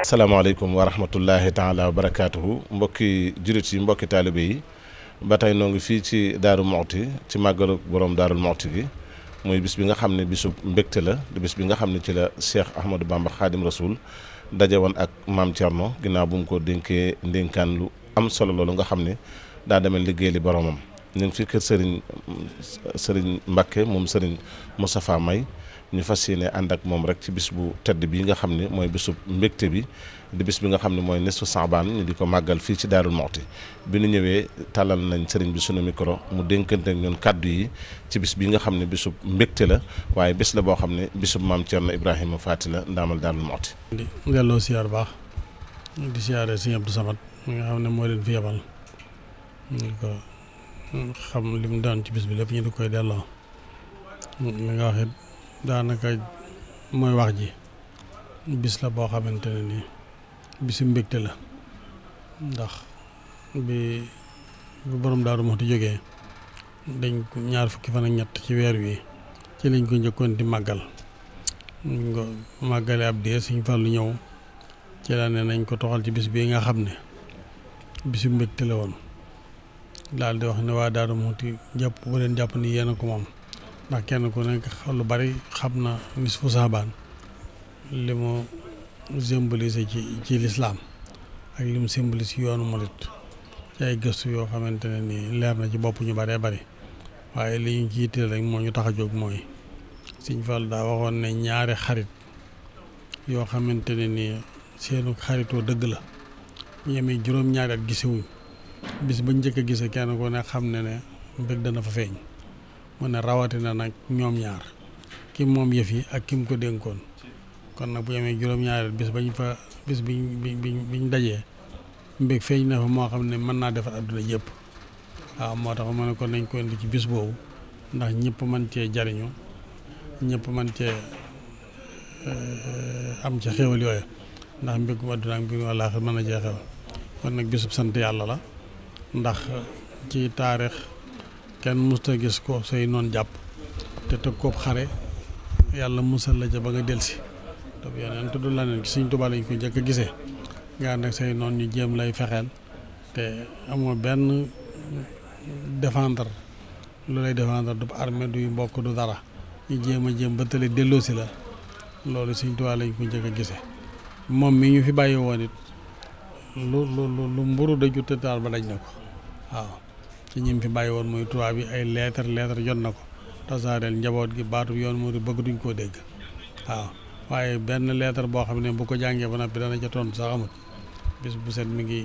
asalaamaaleykum wa rahmatullahi taala wa barakaatuhu mbokki jurit yi mbokki taalibe yi ba tey noo ngi fii ci Daaru Muxti ci màggalu borom Daaru Muxti gi muy bis bi nga xam ne bisu mbégte la di bis bi nga xam ne ci la Cheikh Ahmadou Bamba Xaadim Rasoul daje wan ak maam Thierno ginnaaw bu mu ko dénkee ndénkaan lu am solo loolu nga xam ne daa demee liggéey li boromam ñu ngi fi kër Serigne Serigne Mbacke moom Serigne Moustapha May ñu fas yéene ànd ak moom rek ci bis bu tedd bi nga xam ne mooy bisu mbégte bi di bis bi nga xam ne mooy nesu Saabaan ñu di ko màggal fii ci Daarul Muxti bi nu ñëwee tàllal nañ sëriñ bi sunu micro mu dénkante ak ñun kàddu yi ci bis bi nga xam ne bisu mbégte la waaye bis la boo xam ne bisu maam Thierno Ibrahima Faati la ndaamal Daarul Muxti. di delloo siyaar baax di siyaaree sëñ Abdou Samad mi nga xam ne moo leen fi yebal xam li mu daan ci bis bi lépp ñu di koy delloo mi daanaka mooy wax ji bis la boo xamante ne nii bisi mbégte la ndax bi bu borom daaru Muxti jógee dañ ko ñaar fukki fan ak ñett ci weer wi ci lañ ko njëkkoon di màggal ñu ko màggale ab diir suñ fan lu ñëw ci la ne nañ ko toxal ci bis bii nga xam ne bisi mbégte la woon daal di wax ne waa daaru Muxti jàpp bu leen jàpp ni yéen a ko moom ndax kenn ku nekk lu bari xam na nisfu saabaan li mu symbolise ci ci lislaam ak li mu symbolise yoonu murit ci ay gëstu yoo xamante ne nii leer na ci bopp ñu baree bari waaye li ñu ci yitteel rek moo ñu tax a jóg mooy Sëñ Fall daa waxoon ne ñaari xarit yoo xamante ne nii seenu xaritoo dëgg la ñu amee juróom-ñaari gisewuñ bis ba njëkk a gise kenn ko ne xam ne ne mbir dana fa feeñ mu ne rawatina na ñoom ñaar kim moom yëf yi ak kim ko dénkoon kon nag bu yemee juróom-ñaari bis bañ fa bis bi biñ biñ dajee mbég feeñ na fa moo xam ne mën naa defar adduna yëpp waaw moo tax ma ne kon nañ ko indi ci biss boobu ndax ñëpp mën cee jariñu ñëpp man cee eh, am ci xéwal yooyu ndax mbégum adduna ak mbégum àllaaxira mën na cee xew kon nag bisub sant yàlla la ndax ci taarix kenn musta gis ko say noon jàpp te teg koob xare yàlla musal la ca ba nga delsi toog yeneen la neen Sëñ Tuubaa lañ ko njëkk a gisee noon ñu jéem lay fexeel te amoo benn défendre lu lay défendre du armée du mbokk du dara ñu jéem a jéem ba tële la loolu Sëñ Tuubaa lañ ko njëkk a gise moom mi ñu fi bàyyi woon it lu lu lu mburu daju tëtaal ba daj na ko waaw te ñim fi bàyyi woon muy tubaab yi ay leetar leetar jot na ko tasaareel njaboot gi baatu yoon mu bëgg duñ koo dégg waaw waaye benn leetar boo xam ne bu ko jàngee ba noppi dana ca tontu sax amut bu set mi ngi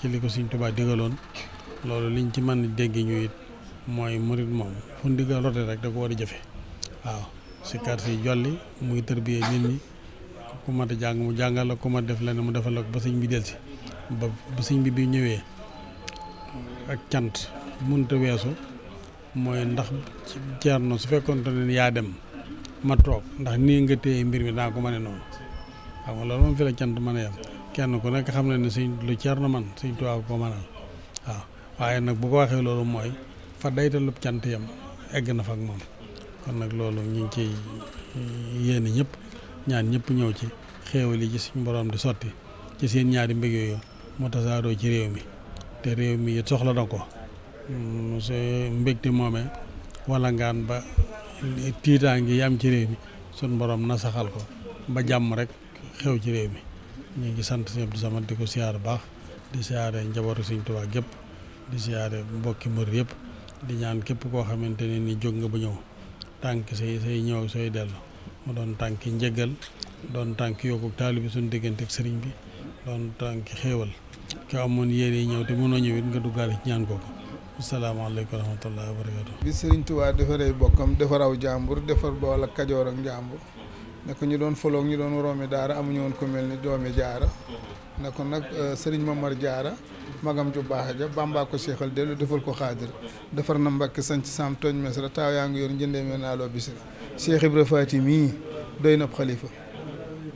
ci li ko Sëñ Tuubaa loolu liñ ci mën dégg ñu it mooy murit moom fu ndigal rek da ko war a jëfe waaw si kar si muy tërbiyee nit ku mat a jàng mu jàngal la ku def def lenn mu defal la ba sëñ bi delsi ba sëñ bi bi ñëwee ak cant mënta weesu mooy ndax Thierno su fekkoon fekkonte ne yaa dem ma toog ndax nii nga téye mbir mi daa ko mën a noonu xam nga loolu moom mën a yem kenn ku nekk xam na ne suñ ceer Thierno man suñ tubaab ko man waaw waaye nag bu ko waxee loolu mooy fa day te daytalu cant yam egg na ak moom kon nag loolu ñu ngi eh, yéene ñëpp ñaan ñëpp ñëw ci xéewal yi ci suñ borom di sotti ci seen ñaari mbég yooyu moo tasaaroo ci réew mi te réew mi it soxla na ko Mm, sa mbégte moome wala ngaan ba tiitaange yi am ci réew mi sun borom na saxal ko ba jàmm rek xew ci réew mi ñu ngi sant sëñ Abdou Samad di ko siyaar baax di siyaare njabootu sëñ Tuubaa gépp di siyaare mbokki mbër yëpp di ñaan képp koo xamante ne ni jóg nga bu ñëw tànk say say ñëw sooy dellu mu doon tànki njëggal doon tànk yokku taali bi suñu diggante ak sëriñ bi doon tànki xéewal ki amoon yéene ñëw te mënoo ñëw it nga duggaale ci ñaan kooku salaamaaleykum wa rahmatullahi wa barakatu bi Sëriñ Tuubaa defaree bokkam defaraw jàmbur defar bool ak kajoor ak ne ko ñu doon foloog ñu doon roome daara amuñu woon ku mel ni doomi jaara ne ko nag euh, sëriñ Mamar jaara magam ju baax ja bàmbaa ko seexal dellu defal ko xaadir defar na mbakk sanc saam tooñ mesra taaw yaa ngi yor njëndee me naaloo bisira Cheikh Ibra Faati mii doy na xalifa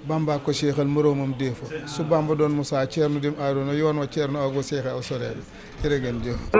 bàmbaa ko seexal moroomam déefa su bàmba doon Musaa ceerno dim aarona yoon wa ceerno ago seexa aw soreel jërëgeen